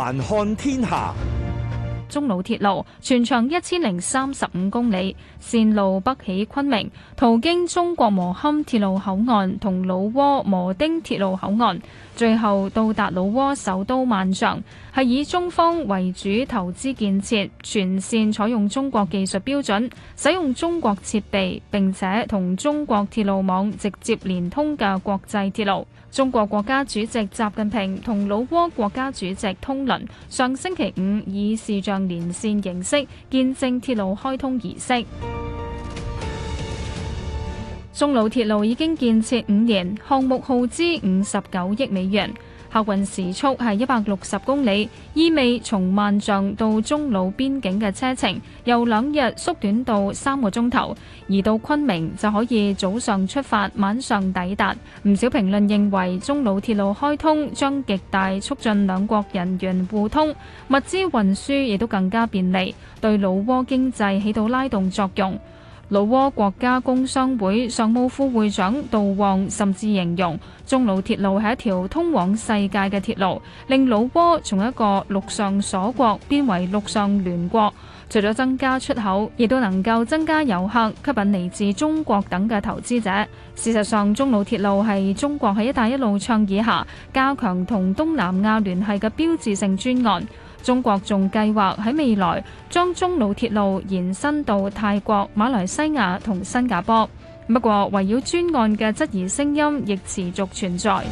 還看天下。中老鐵路全長一千零三十五公里，線路北起昆明，途經中國磨憨鐵路口岸同老撾磨丁鐵路口岸，最後到達老撾首都萬象。係以中方為主投資建設，全線採用中國技術標準，使用中國設備，並且同中國鐵路網直接連通嘅國際鐵路。中國國家主席習近平同老撾國家主席通倫上星期五以視像連線形式見證鐵路開通儀式。中老鐵路已經建設五年，項目耗資五十九億美元。客運時速係一百六十公里，意味從萬象到中老邊境嘅車程由兩日縮短到三個鐘頭，而到昆明就可以早上出發，晚上抵達。唔少評論認為，中老鐵路開通將極大促進兩國人員互通、物資運輸，亦都更加便利，對老撾經濟起到拉動作用。老撾國家工商會常務副會長杜旺甚至形容中老鐵路係一條通往世界嘅鐵路，令老撾從一個陸上鎖國變為陸上聯國。除咗增加出口，亦都能夠增加遊客、吸引嚟自中國等嘅投資者。事實上，中老鐵路係中國喺“一帶一路”倡議下加強同東南亞聯繫嘅標誌性專案。中國仲計劃喺未來將中老鐵路延伸到泰國、馬來西亞同新加坡。不過圍繞專案嘅質疑聲音亦持續存在。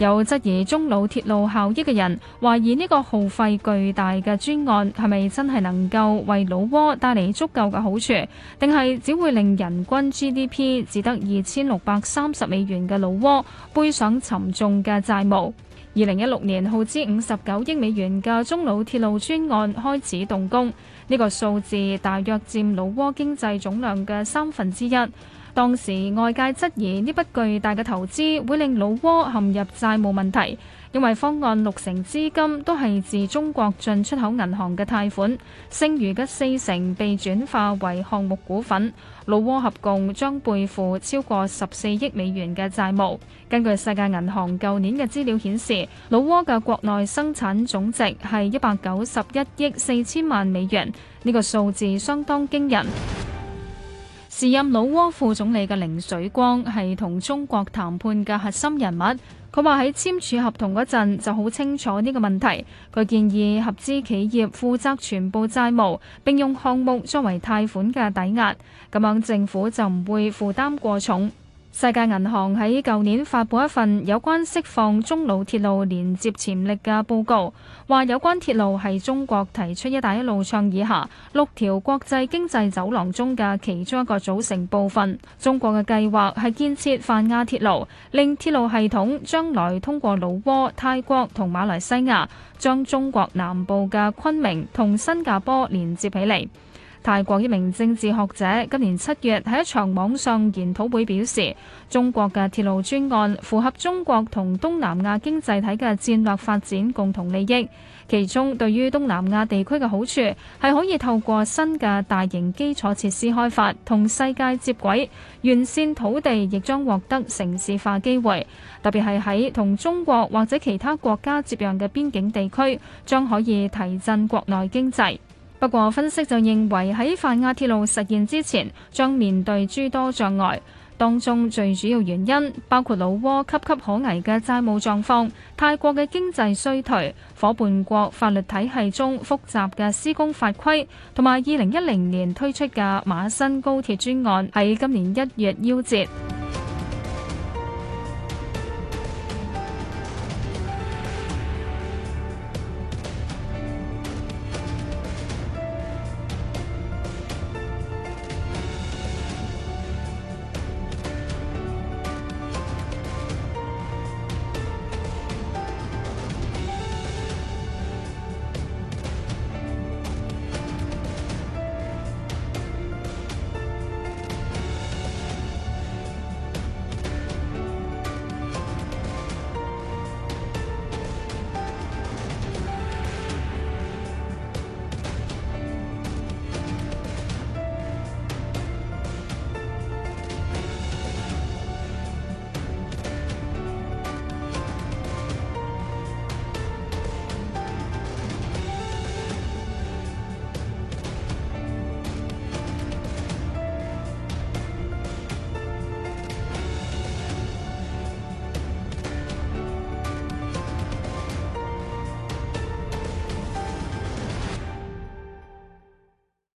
有質疑中老鐵路效益嘅人懷疑呢個耗費巨大嘅專案係咪真係能夠為老撾帶嚟足夠嘅好處，定係只會令人均 GDP 只得二千六百三十美元嘅老撾背上沉重嘅債務？二零一六年耗資五十九億美元嘅中老鐵路專案開始動工，呢、這個數字大約佔老撾經濟總量嘅三分之一。當時外界質疑呢筆巨大嘅投資會令老撾陷入債務問題，因為方案六成資金都係自中國進出口銀行嘅貸款，剩餘嘅四成被轉化為項目股份。老撾合共將背負超過十四億美元嘅債務。根據世界銀行舊年嘅資料顯示，老撾嘅國內生產總值係一百九十一億四千萬美元，呢、這個數字相當驚人。時任老撾副總理嘅凌水光係同中國談判嘅核心人物，佢話喺簽署合同嗰陣就好清楚呢個問題。佢建議合資企業負責全部債務，並用項目作為貸款嘅抵押，咁樣政府就唔會負擔過重。世界銀行喺舊年發布一份有關釋放中老鐵路連接潛力嘅報告，話有關鐵路係中國提出“一帶一路”倡議下六條國際經濟走廊中嘅其中一個組成部分。中國嘅計劃係建設泛亞鐵路，令鐵路系統將來通過老撾、泰國同馬來西亞，將中國南部嘅昆明同新加坡連接起嚟。泰國一名政治學者今年七月喺一場網上研討會表示，中國嘅鐵路專案符合中國同東南亞經濟體嘅戰略發展共同利益。其中對於東南亞地區嘅好處係可以透過新嘅大型基礎設施開發同世界接軌，沿線土地亦將獲得城市化機會。特別係喺同中國或者其他國家接壤嘅邊境地區，將可以提振國內經濟。不過，分析就認為喺泛亞鐵路實現之前，將面對諸多障礙，當中最主要原因包括老撾岌岌可危嘅債務狀況、泰國嘅經濟衰退、伙伴國法律體系中複雜嘅施工法規，同埋二零一零年推出嘅馬新高鐵專案喺今年一月夭折。